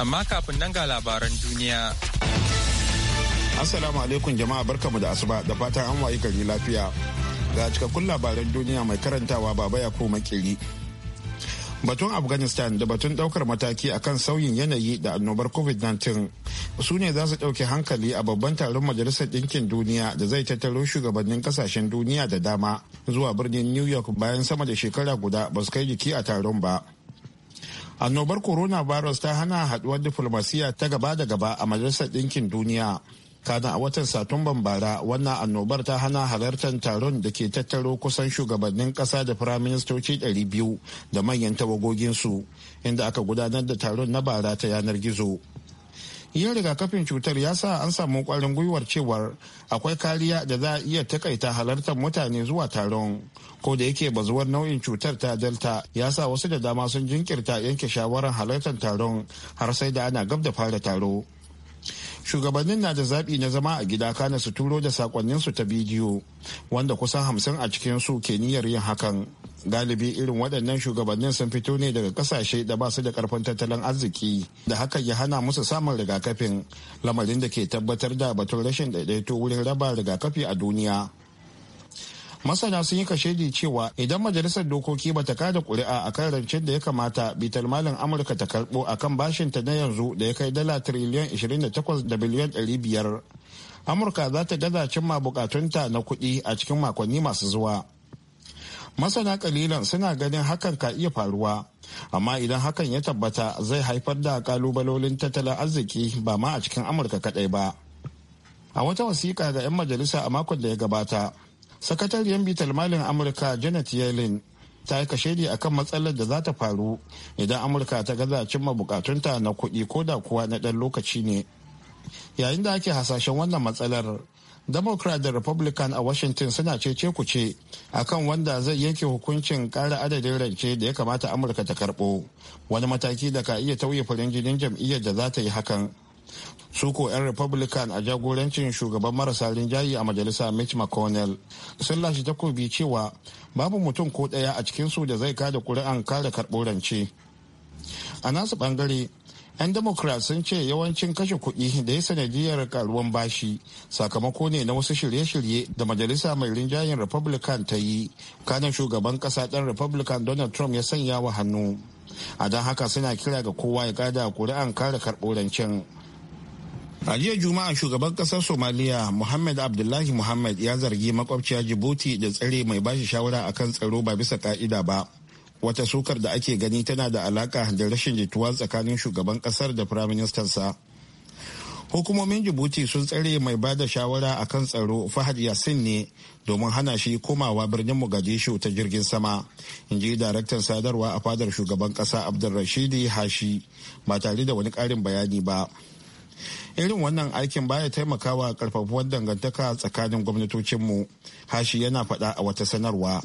amma kafin nan ga labaran duniya. Assalamu alaikum jama'a barkamu da asuba da fatan an wayi gari lafiya. Ga cikakkun labaran duniya mai karantawa baba ya ko makiri. Batun Afghanistan da batun daukar mataki akan sauyin yanayi da annobar COVID-19 su ne za su dauke hankali a babban taron Majalisar Ɗinkin Duniya da zai tattaro shugabannin kasashen duniya da dama zuwa birnin New York bayan sama da shekara guda ba su kai jiki a taron ba. annobar corona virus ta hana haduwar diflomasiya ta gaba da gaba a majalisar ɗinkin duniya kana a watan satumban bara wannan annobar ta hana halartar taron da ke tattaro kusan shugabannin ƙasa da firaministoci biyu da manyan tawagoginsu inda aka gudanar da taron na bara ta yanar gizo yin rigakafin cutar ya sa an samu kwarin gwiwar cewar akwai kariya da za a iya takaita halartar mutane zuwa taron ko da yake bazuwar nau'in cutar ta delta ya sa wasu da dama sun jinkirta yanke shawarar halartar taron har sai da ana gab da fara taro shugabannin na da zaɓi na zama a gida kana su turo da sakonninsu ta bidiyo wanda kusan hamsin a cikinsu ke niyyar yin hakan galibi irin waɗannan shugabannin sun fito ne daga kasashe da ba su da karfin tattalin arziki da haka ya hana musu samun rigakafin lamarin da ke tabbatar da batun rashin daidaito wurin raba rigakafi a duniya masana sun yi kashedi cewa idan majalisar dokoki ba ta kada kuri'a a kan rancen da ya kamata bitar malin amurka ta karbo a kan bashinta na yanzu da ya kai dala tiriliyan 28 da biliyan 500 amurka za ta gaza cimma bukatunta na kuɗi a cikin makonni masu zuwa masana kalilan suna ganin hakan ka iya faruwa amma idan hakan ya tabbata zai haifar da kalubalolin tattalin arziki ba ma a cikin amurka kadai ba a wata wasiƙa ga 'yan majalisa a makon da ya gabata sakatariyar bitar malin amurka janet yellen ta yi kashedi a kan matsalar da za ta faru idan amurka ta gaza cimma bukatunta na kuɗi ko da kuwa na ɗan lokaci ne yayin da ake hasashen wannan matsalar democrat da republican a washington suna cece ce akan wanda zai yanke hukuncin kara adadin rance da ya kamata amurka ta karbo wani mataki da ka iya tauye farin jinin jam'iyyar da za ta yi hakan su ko 'yan republican a jagorancin shugaban marasa rinjaye a majalisa mitch mcconnell sun lashe takobi cewa babu mutum ko daya a cikin su da zai kada kuri'an kare karɓo rance a nasu bangare. 'yan democrat sun ce yawancin kashe kuɗi da ya sanadiyar karuwan bashi sakamako ne na wasu shirye-shirye da majalisa mai rinjayen republican ta yi kanin shugaban ƙasa ɗan republican donald trump ya sanya wa hannu a don haka suna kira ga kowa ya kada kuri'an kare karɓo a jiya juma'a shugaban kasar somaliya muhammad abdullahi muhammad ya zargi makwabciya jibuti da tsare mai bashi shawara akan tsaro ba bisa ka'ida ba wata sukar da ake gani tana da alaka da rashin jituwa tsakanin shugaban kasar da firaministansa hukumomin jibuti sun tsare mai ba da shawara a kan tsaro fahad yasin ne domin hana shi komawa birnin mogadishu ta jirgin sama in ji daraktan sadarwa a fadar shugaban kasa abdulrashidi hashi ba tare da wani karin bayani ba irin wannan aikin baya taimakawa karfafuwar dangantaka tsakanin gwamnatocinmu hashi yana faɗa a wata sanarwa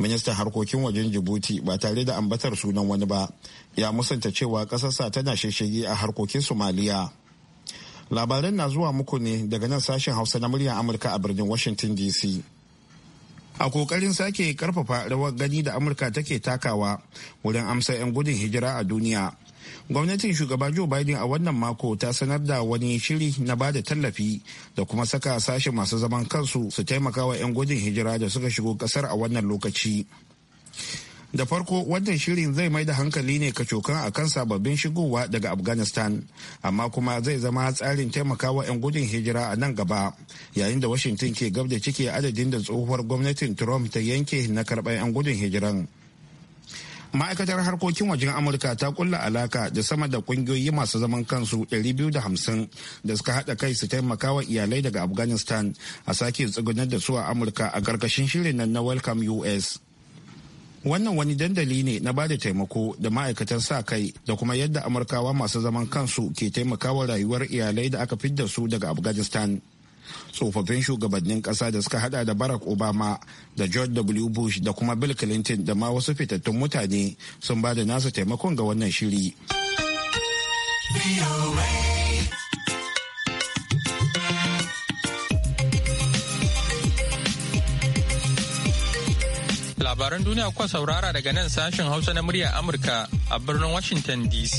ministan harkokin wajen jibuti ba tare da ambatar sunan wani ba ya musanta cewa ƙasarsa tana shishigi a harkokin somaliya labaran na zuwa muku ne daga nan sashen hausa na muryar amurka a birnin washington dc a kokarin sake karfafa rawar gani da amurka take takawa wurin amsa 'yan gudun hijira a duniya gwamnatin shugaba joe biden a wannan mako ta sanar da wani shiri na ba da tallafi da kuma saka sashi masu zaman kansu su taimaka wa 'yan gudun hijira da suka shigo kasar a wannan lokaci da farko wannan shirin zai mai da hankali ne kacokan a kan sababbin shigowa daga afghanistan amma kuma zai zama tsarin taimakawa 'yan gudun hijira a nan gaba yayin da washington ke gab da cike adadin da tsohuwar gwamnatin trump ta yanke na karɓar 'yan gudun hijiran ma'aikatar harkokin wajen amurka ta kulla alaka da sama da kungiyoyi masu zaman kansu 250 da suka hada kai su taimaka wa iyalai daga afghanistan a sake tsugunar da su a amurka a karkashin shirin nan na welcome us wannan wani dandali ne na ba da taimako da ma'aikatan sa kai da kuma yadda amurkawa masu zaman kansu ke taimakawa rayuwar iyalai da aka fidda su daga afghanistan tsofaffin shugabannin kasa da suka hada da barack obama da george w bush da kuma bill clinton da ma wasu fitattun mutane sun ba da nasu taimakon ga wannan shiri labaran duniya kuwa saurara daga nan sashen hausa na murya amurka a birnin washington dc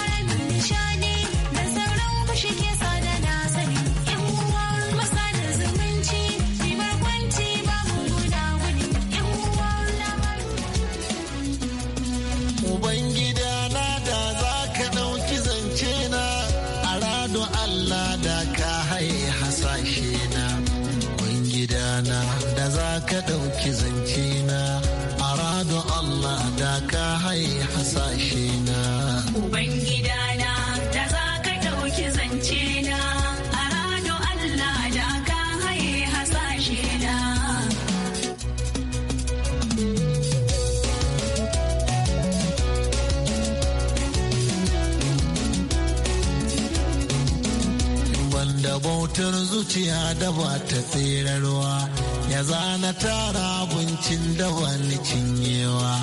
bautar zuciya da ba ta tserarwa ya zana tara abincin da ba ni cinyewa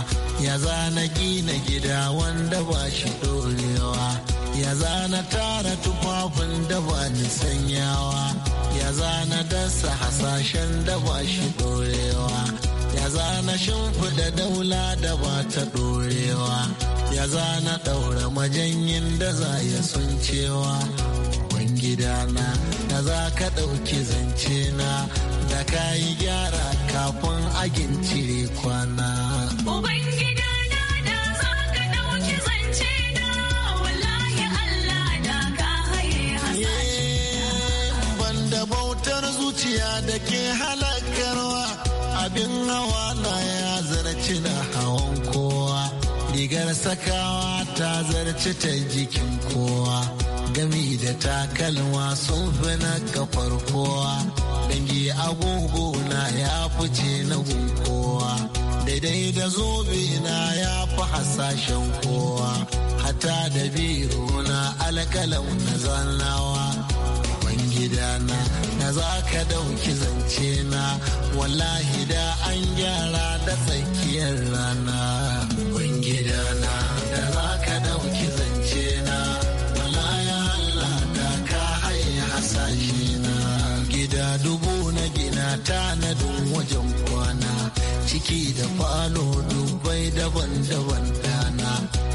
ya zana gina gida wanda ba shi dorewa ya zana tara tufafin da ba ni sanyawa ya zana dasa hasashen da ba shi dorewa ya zana shimfiɗa daula da ba ta dorewa ya zana ɗaura majanyin da za ya sun cewa gidana da za ka ɗauki zance na da ka yi gyara kafin agin cire kwana. rigar sakawa ta zarce ta jikin kowa gami da takalma sun fi na kafar kowa dangi agogo na ya fice na kowa daidai da zobe na ya fi hasashen kowa hata da biro na alkalau na zannawa gidana na za ka dauki zance na wallahi da an gyara da tsakiyar rana tanadin wajen kwana ciki da falo dubbai daban-daban dana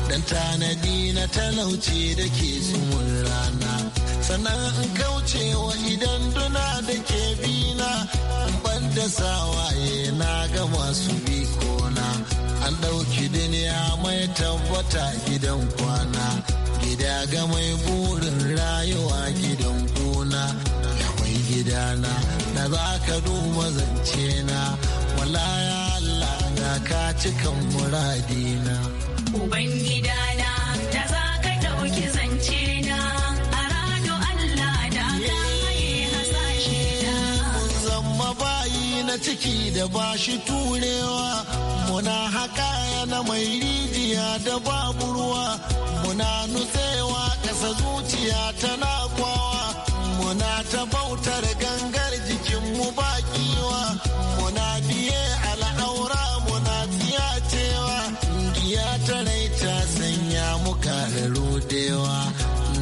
dan tanadi na talauci da ke tsumin rana sanan in kaucewa idan duna da ke bina in ban da sawaye na ga masu bikona an ɗauki duniya mai tabbata gidan kwana gida ga mai burin rayuwa gidan gidana da za ka duba zance na wala Allah ya ka cikan muradina uban gidana da za ka dauki zance na rado Allah da ka yi hasashe na Mun zama bayi na ciki da ba shi turewa muna haka na mai rijiya da babu ruwa muna nutsewa ƙasa zuciya tana kwawa muna ta bautar gangar jikin mu ba kiwa muna biye al'aura muna tiyatewa giya ta rai ta sanya muka rudewa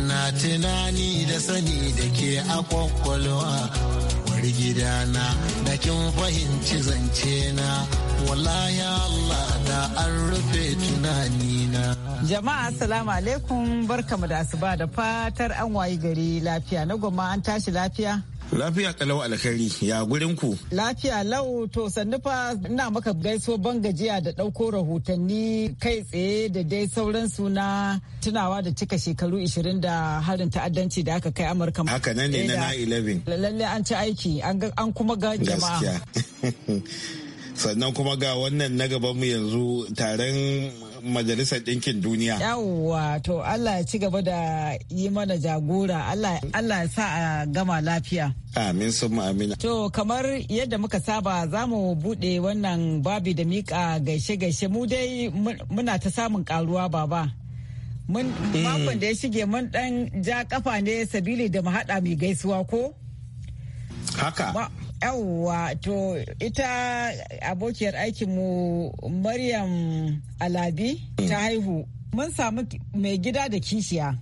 na tunani da sani da ke a kwakwalwa gidana da kin fahimci zance na ya Allah da an rufe tunanina. Jama'a salamu alaikum barkamu da asuba da fatar an wayi gari lafiya na goma an tashi lafiya. Lafiya kalau alkhari ya gurin ku. Lafiya lau to sannu fa ina maka gaiso ban gajiya da ɗauko rahotanni kai tsaye da dai sauransu na tunawa da cika shekaru 20 da harin ta'addanci da aka kai Amurka. Haka nan ne na 11. Eh, lallai an ci aiki an kuma ga jama'a. sannan kuma ga wannan na gabanmu yanzu taron majalisar ɗinkin duniya. Yawwa to Allah ya ci gaba da yi mana jagora Allah ya sa a gama lafiya. Amin sun amina. To kamar yadda muka saba za mu buɗe wannan babi da mika gaishe-gaishe mu dai muna ta samun karuwa baba. Mun eh. makon da ya shige mun ɗan ja kafa ne sabili da mu haɗa mai gaisuwa ko? Haka. yawwa to ita abokiyar aikinmu maryam alabi ta mm. haihu mun samu mai gida da kishiya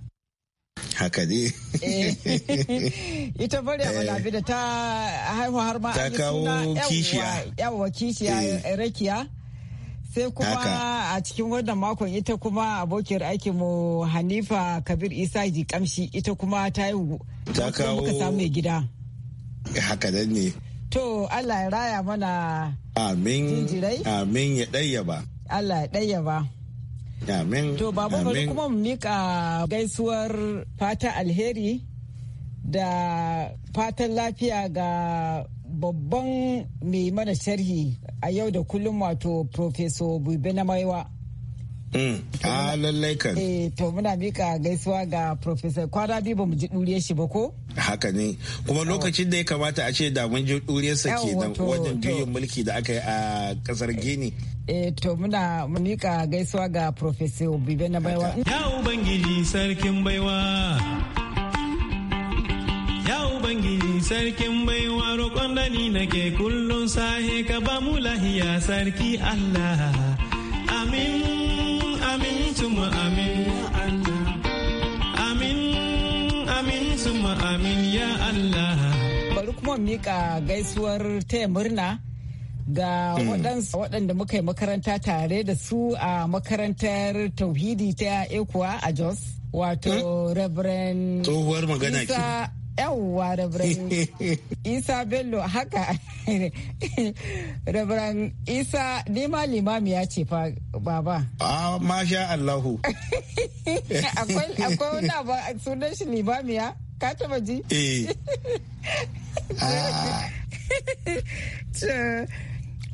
haka dai eh. ita maryam eh. alabi da ta haihu har ma a kishiya yawwa kishiya eh. rakiya sai kuma a cikin wannan makon ita kuma abokiyar aikinmu hanifa kabir isa ji kamshi ita kuma ta haihu ta kawo gida haka ne To Allah ya raya mana Amin. Amin ya ɗaya ba. Allah ya ɗaya ba. Amin. To babu bari kuma mu mika gaisuwar fata alheri da fatan lafiya ga babban mai mana sharhi a yau da kullum wato Profeso Bube na Maiwa. Mm. a ah, mm. lallai kan eh, to muna mika gaisuwa ga professor kwana biyu ba mu ji duriyar shi ba ko haka ne kuma lokacin da ya kamata a ce da mun ji duriyar sa ke kenan wajen juyin mulki da aka yi a kasar gini eh to muna mika gaisuwa ga professor bibe na baiwa ya ubangiji sarkin baiwa Ya Ubangiji sarkin baiwa roƙon da nake kullum sahe ka ba mu lahiya sarki Allah. Amin. amin ya amin ya Allah bari kuma mika gaisuwar taya murna ga hmm. waɗansu waɗanda muka yi makaranta tare da su a makarantar tauhidi ta ekuwa a jos wato hmm? reverend tsohuwar magana yawwa rabran isa bello haka rabran isa nema ya ce fa baba a ah, masha allahu akwai wani abu sunan shi ya ka taba ji eh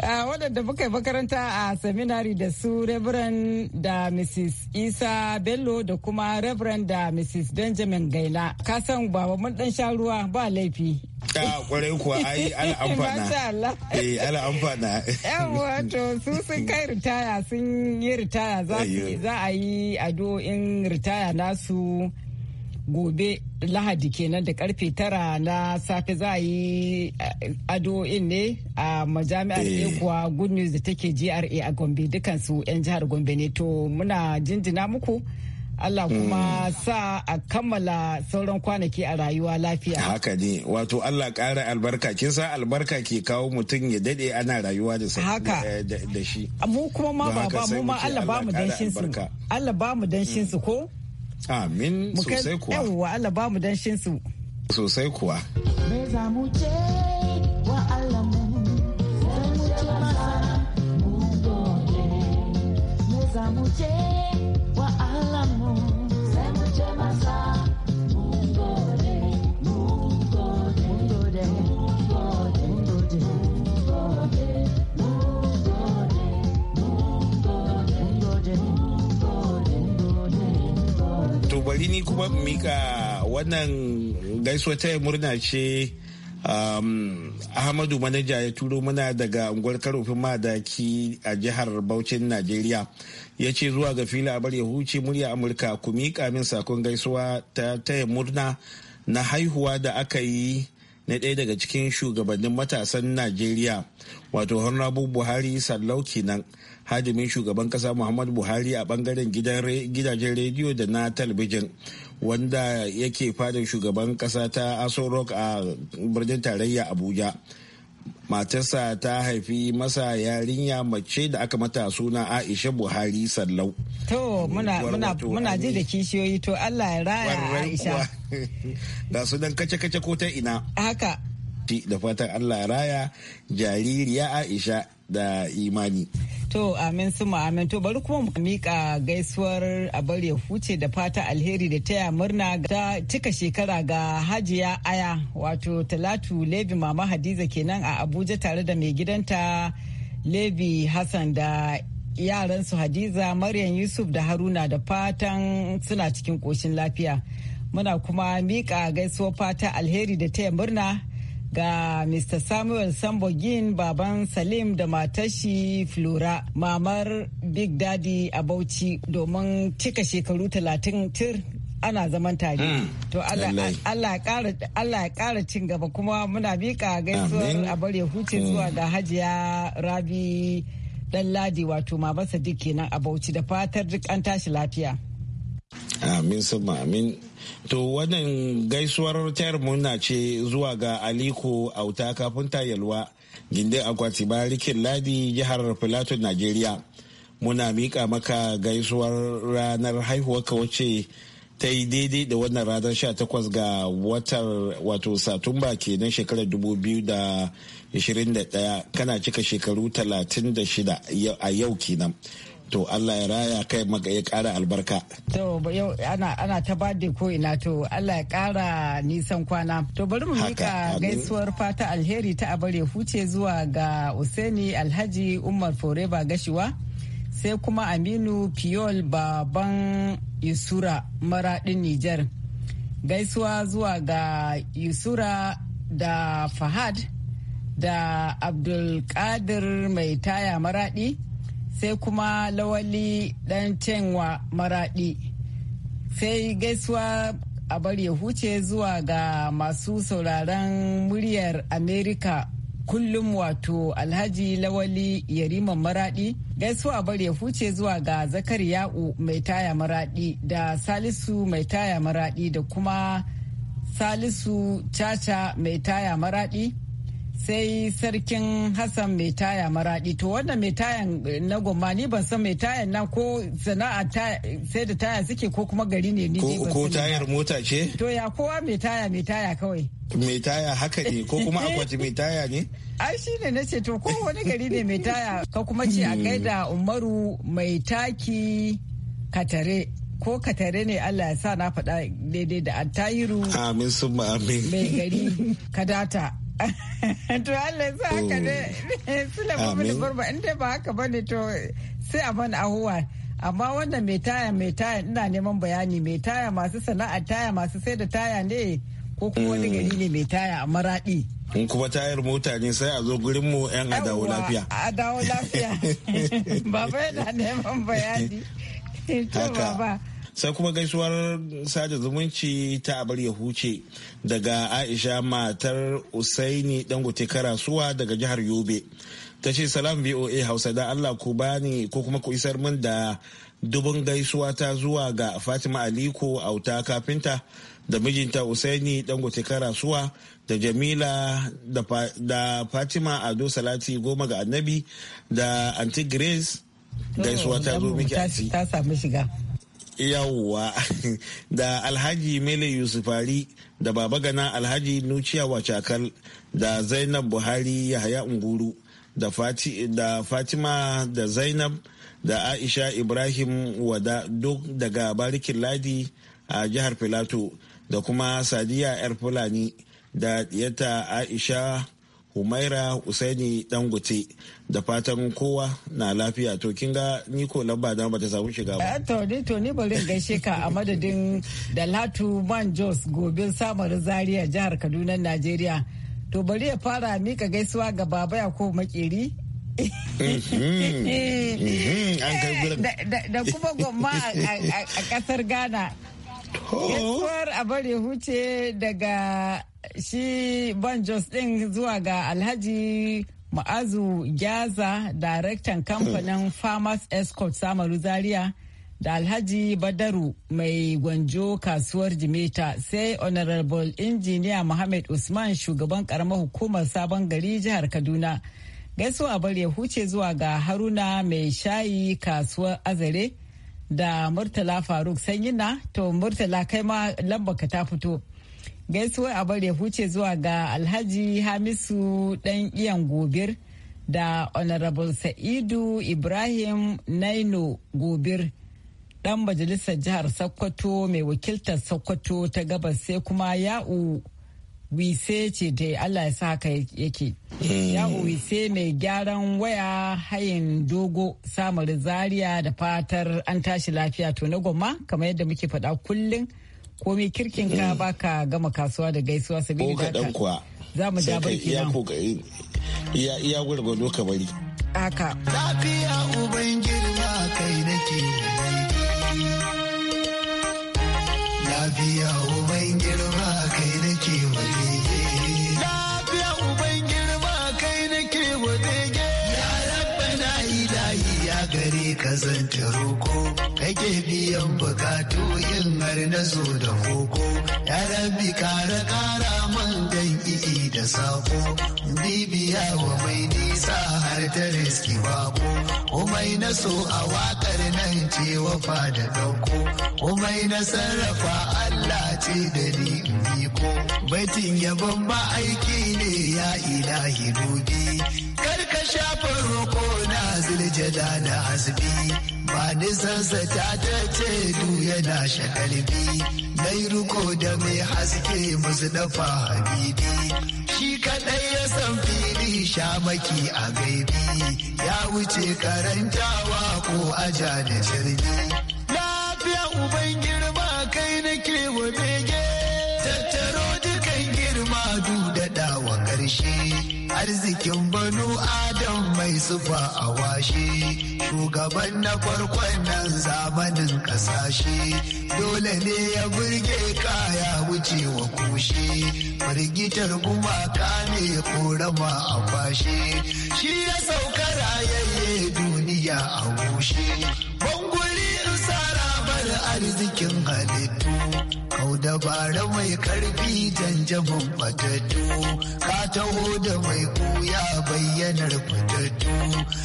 waɗanda muka yi makaranta a seminary da su Reverend da Mrs. Isa Bello da kuma Reverend da Mrs. Benjamin Gaila. Ka san baba mun ɗan sha ruwa ba laifi. Ka ah, kwarai kuwa ai ala amfana. Masha Allah. Eh ala amfana. Yawwa to su sun kai ritaya sun yi ritaya za a yi addu'o'in ritaya nasu. gobe lahadi kenan da karfe tara na safe za a yi eh, ado'in ne a majami'ar eh. ekuwa good news da take gra a gombe dukansu 'yan jihar gombe ne to muna jinjina muku Allah kuma hmm. sa a kammala sauran kwanaki a rayuwa lafiya. Haka ne, wato Allah ƙara albarka, kin sa albarka ke kawo mutum ya dade ana rayuwa da Haka. shi. Mu kuma ma ba mu ma Allah ba mu danshin su. Allah ba mu danshin su ko? Amin sosai kuwa. Yawwa Allah ba mu danshin su. Sosai kuwa. Me za mu ce wa Allah mu mu ce masa mu gode. Me za mu ce bari ni kuma mika wannan gaisuwa ta murna ce um, ahmadu manaja ya turo mana daga unguwar karofin madaki a jihar Bauchin Najeriya ya ce zuwa ga fila bar ya huce murya Amurka ku mika min sakon gaisuwa ta taya murna na haihuwa da aka yi na ɗaya daga cikin shugabannin matasan najeriya wato honorable buhari sallau kenan hadimin shugaban kasa muhammadu buhari a bangaren gidajen rediyo da na talabijin wanda yake fadin shugaban kasa ta aso rock a birnin tarayya abuja matarsa ta haifi masa yarinya mace da aka mata suna aisha buhari sallau to muna muna muna ji da kishiyoyi to allah ya raya aisha da su dan kace kace ko ta ina haka da fatan Allah raya jaririya Aisha da imani. To amin su amin to bari kuma mika gaisuwar abar ya huce da fata alheri da taya murna ta cika shekara ga hajiya aya wato talatu levi mama hadiza kenan a abuja tare da mai gidanta levi hassan da yaransu hadiza maryam yusuf da haruna da fatan suna cikin koshin lafiya muna kuma mika gaisuwar fata alheri da taya murna ga Mr. Samuel Sambogin baban Salim da matashi Flora mamar Big Daddy a Bauchi domin cika shekaru talatin tir ana zaman tare. Hmm. To Allah ya kara cin gaba kuma muna miƙa gaisuwar a bare huce zuwa hmm. ga Hajiya Rabi Ladi wato Mama Sadiq kenan a Bauchi da fatar duk an tashi lafiya. Amin sama amin. To wannan gaisuwar tayar murna ce zuwa ga Aliko Auta kafin yalwa gindin akwati barikin ladi jihar Filato Najeriya. Muna miƙa maka gaisuwar ranar haihuwarka wacce ta yi daidai da wannan ranar 18 ga watar wato Satumba kenan shekarar 2021 kana cika shekaru 36 a yau kenan. to Allah ya raya kai maka ya kara albarka. To yau ana ana ta bade ko ina to Allah ya kara nisan kwana. To bari mu mika gaisuwar fata alheri ta abare huce zuwa ga Useni Alhaji Umar Foreba Gashiwa sai kuma Aminu Piyol baban Yusura maradin Nijar. Gaisuwa zuwa ga Yusura da Fahad da Abdulkadir mai taya maradi. sai kuma lawali dan cewa maradi sai gaisuwa a bar ya huce zuwa ga masu sauraron muryar amerika kullum wato alhaji lawali yariman maradi gaisuwa bar ya huce zuwa ga zakar ya'u mai taya maradi da salisu mai taya maradi da kuma salisu caca mai taya maradi sai sarkin hassan mai taya maradi to wannan mai tayan eh, na goma ni ban san mai tayan na ko sana'a sai da taya suke ko kuma gari ne ni ko tayar mota ce to ya kowa mai taya mai taya kawai mai taya haka ne ko kuma eh. akwati mai taya ne ai shi ne na ce to ko wani gari ne mai taya ka kuma ce a hmm. gaida umaru mai taki katare ko katare ne Allah ya sa na faɗa daidai da attayiru amin sun amin mai gari kadata To Allah sa haka ne Sulaiman bin Burba in dai ba haka bane to sai a mana ahuwa. Amma wanda mai taya mai taya ina neman bayani mai taya masu sana'ar taya masu sai da taya ne ko kuma hmm. wani gari ne mai taya a maraɗi. in kuma tayar mota ne sai a zo gurin mu yan adawo lafiya adawo lafiya baba yana neman bayani to baba sai kuma gaisuwar sada zumunci ta abar ya huce daga aisha matar usaini dangote karasuwa daga jihar yobe ta ce salam voa hausa da allah ku bani ko kuma ku isar min da dubin gaisuwa ta zuwa ga fatima aliko auta kafinta da mijinta usaini dangote karasuwa da jamila da, da fatima ado salati goma ga annabi da anti grace gaisuwa ta zo miki ta samu shiga yawwa da alhaji mele yusufari da baba gana alhaji nuciya wacakal da zainab buhari yahaya unguru da, fatima da zainab da aisha ibrahim wada duk daga barikin ladi a jihar filato da kuma sadiya yar fulani da ɗiyata aisha Humaira Usaini Dangote da fatan kowa na lafiya to kin ga ni ko lamba da bata samu shiga ba. Eh, to ni to ni bari gaishe ka a madadin Dalatu Man Jos gobin samarin Zaria jihar Kaduna Najeriya. To bari ya fara mika gaisuwa ga Baba ya ko Makeri mhm, mhm, mhm, eh, da kuma gomma a kasar Ghana. Oh. Gaisuwar a bari huce daga shi banjos ɗin zuwa ga Alhaji Ma'azu Gyaza, daraktan kamfanin mm. Farmers Escort Samaru Zaria. da alhaji badaru mai gwanjo kasuwar jimeta sai honorable injiniya muhammad usman shugaban karamar hukumar sabon gari jihar kaduna gaisuwa bari ya huce zuwa ga haruna mai shayi kasuwar azare da murtala faruk sanyina to murtala kai ma lambaka ta fito gaisuwar abar ya huce zuwa ga alhaji hamisu dan iyan gobir da honorable sa'idu ibrahim naino gobir dan majalisar jihar sokoto mai wakiltar sokoto ta gabas sai kuma ya'u wise ce dai allah ya sa haka yake mm. ya'u wise mai gyaran waya hayin dogo samar zaria da fatar an tashi lafiya to na goma kamar yadda muke faɗa kullum ko mai kirkin ka mm. baka gama kasuwa da gaisuwa sabili da haka za mu ja barki ga iya iya gurgudu ka bari haka lafiya uban girma kai nake lafiya kazanta zanta roko kake biyan bukatu yin har na zo da koko ya rabi kara kara man dan i'i da sako bibiya wa mai nisa har ta riski bako mai na so a wakar nan ce wafa da dauko komai na sarrafa Allah ce da ni biko baitin yabon ba aiki ne ya ilahi dubi kar ka shafa roko ziljada da ba nisansa ta ta ce du yana shakalbi mai ruko da mai haske musu dafa habibi shi kaɗai ya san fili shamaki a gaibi ya wuce karantawa ko aja da jirgi lafiya uban girma kai nake wa bege tattaro dukan girma du da dawa ƙarshe arzikin banu adam mai sufa a washe shugaban na farkon nan zamanin kasashe dole ne ya burge kaya wuce wa kushe firgitar gumaka ne korama a kwashe shi ya sauka rayayye duniya a gushe banguri in sarabar arzikin halittu dabara mai karfi janjabin fatattu ka taho da mai koya bayyanar fatattu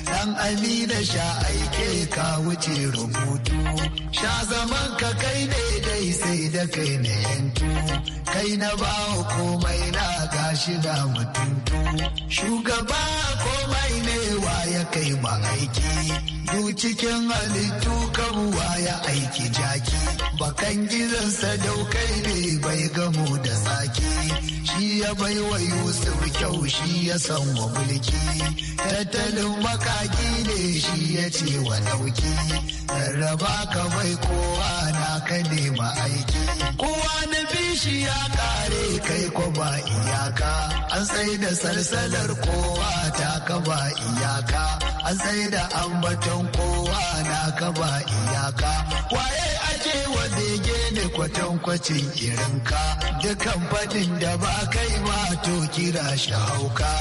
dan amina sha aike ka wuce rubutu sha zaman ka kai ne dai sai da kai na yantu kai na bawa komai na gashi da mutuntu shugaba komai ne kai aiki du cikin halittu kabuwa ya aiki jaki bakan gizansa daukai ne bai gamo da zaki shi ya bai wa yusuf kyau shi ya san wa mulki tattalin makaki ne shi ya ce wa nauki Rarraba ka bai kowa na ka nema aiki. Kowa na bishi ya kare kai ko ba iyaka. An sai da salsalar kowa ta ka iyaka. An sai da ambaton kowa na ka ba iyaka. Waye ake wa bege ne kwatankwacin irinka. Dukan fadin da ba kai ma to kira shi hauka.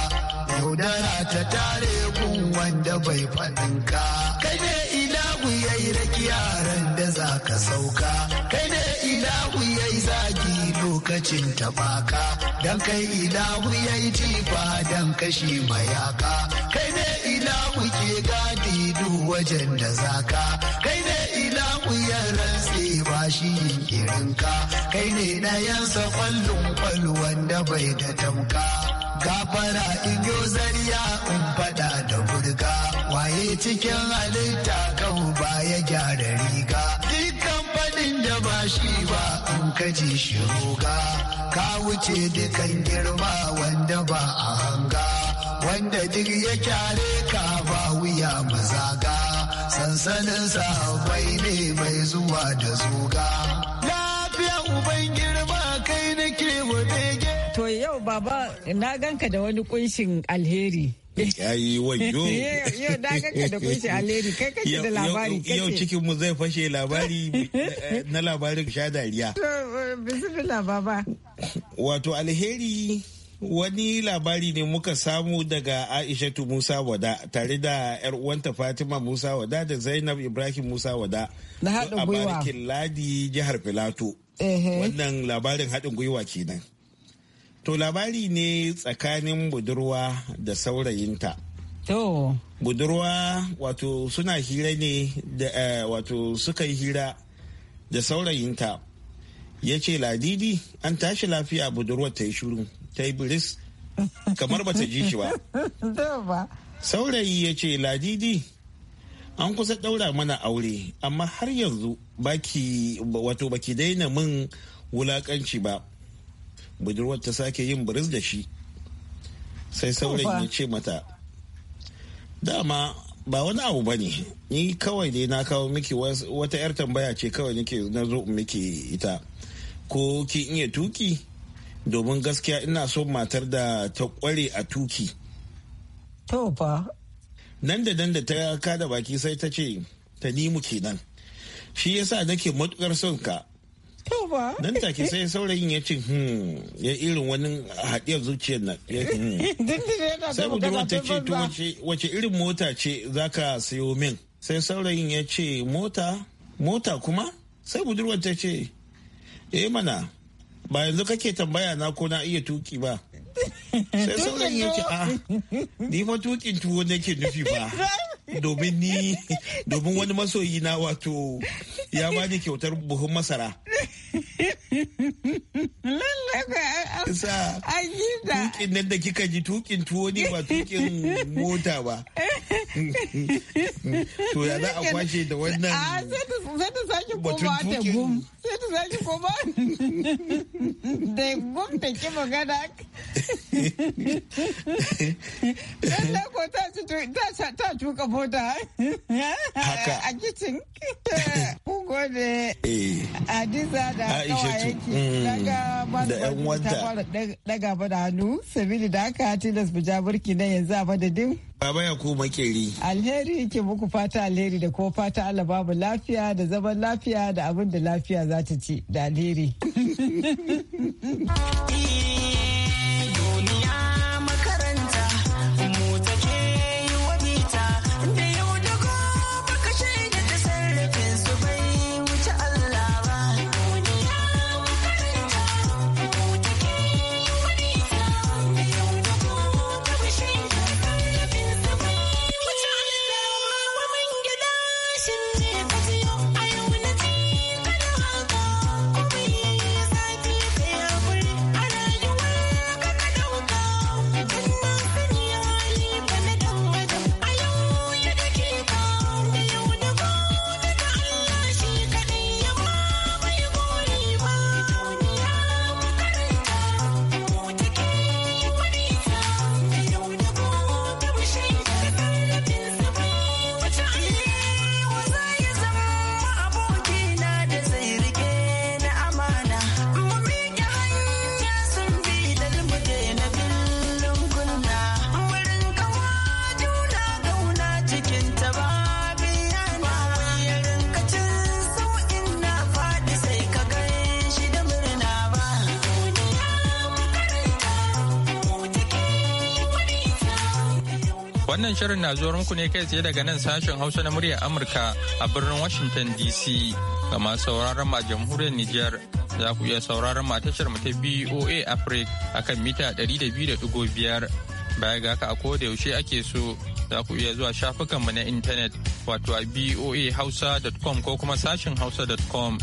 Yaudara ta tare kun wanda bai faɗinka. Kai ne ilahu yayi rakiya ran da za ka sauka kai ne ilahu yayi zagi lokacin tabaka dan kai ilahu yayi jifa dan kashi mayaka kai ne ilahu ke gadi duk wajen da zaka kai ne ilahu ya rantse ba shi kirinka kai ne ɗayansa kwallon kwal wanda bai da tamka gafara in yo zariya in fada da burga waye cikin halitta kan baya gyara riga dukkan fadin da ba shi ba in ka ji shi roga ka wuce dukkan girma wanda ba a hanga wanda duk ya kyare ka ba wuya mazaga sansanin sahabai ne mai zuwa da zuga lafiya uban girma baba na ganka da wani kunshin alheri. Yayi wayo. Yau na ganka da kunshin alheri kai kake da labari kake. Yau cikin mu zai fashe labari na labarin sha dariya. Eh, bismillah baba. Wato alheri wani labari ne muka samu daga aishatu musa wada tare da yar uwanta fatima musa wada da zainab ibrahim musa wada a barikin ladi jihar filato wannan labarin haɗin gwiwa kenan To labari ne tsakanin budurwa da saurayinta. To. Budurwa wato suna hira ne da eh, wato suka yi hira da saurayinta. Ya ce ladidi an tashi lafiya budurwa ta yi shuru ta yi biris kamar bata ji shi ba. Saurayi ya ce ladidi an kusa ɗaura mana aure amma har yanzu baki wato baki daina min wulakanci ba. budurwar ta sake yin biris da shi sai saurayin ya ce mata dama ba wani abu ba ne ni kawai ne na kawo miki wata 'yar tambaya ce kawai nake na zo miki ita ko ki iya tuki domin gaskiya ina so matar da ta kware a tuki to nan da nan da ta kada baki sai ta ce ta nimu kenan shi yasa nake matukar son ka ba nan take sai saurayin ya ce hmm, ya irin wani haɗiyar zuciyar nan hmm. sai budurwar ta ce to wace irin mota ce za ka sayo min sai saurayin ya ce mota mota kuma sai budurwar ta ce eh mana ba yanzu kake tambaya na ko na iya tuki ba sai saurayin ya ce a ah, ni fa tukin tuwo nake nufi ba domin ni domin wani masoyi na wato ya bani kyautar buhun masara sa tukin nan da kika ji tukin tuwo ne ba tukin mota ba to ya za a kwashe da wannan batun ah, tukin sai ta sake koma da gum ta ki magana Lallai ko ta tuka mota a kicin. Ku gode. Eh. Adisa da kawayeki daga masu ta fara daga ba da hannu. Sabili da aka tilas bija burki na yanzu a madadin. Baba ya kuma makeri. Alheri ke muku fata alheri da ko fata Allah babu lafiya da zaman lafiya da abin da lafiya za ta ci da alheri. you need Wannan shirin na zuwa muku ne kai tsaye daga nan sashen Hausa na murya Amurka a birnin Washington DC. Ga masu sauraron ma jamhuriyar Nijar za ku iya sauraron ma tashar mu ta BOA Africa akan mita 200.5. Baya ga haka a koda yaushe ake so za ku iya zuwa shafukanmu na intanet wato a BOA boahausa.com ko kuma sashen hausa.com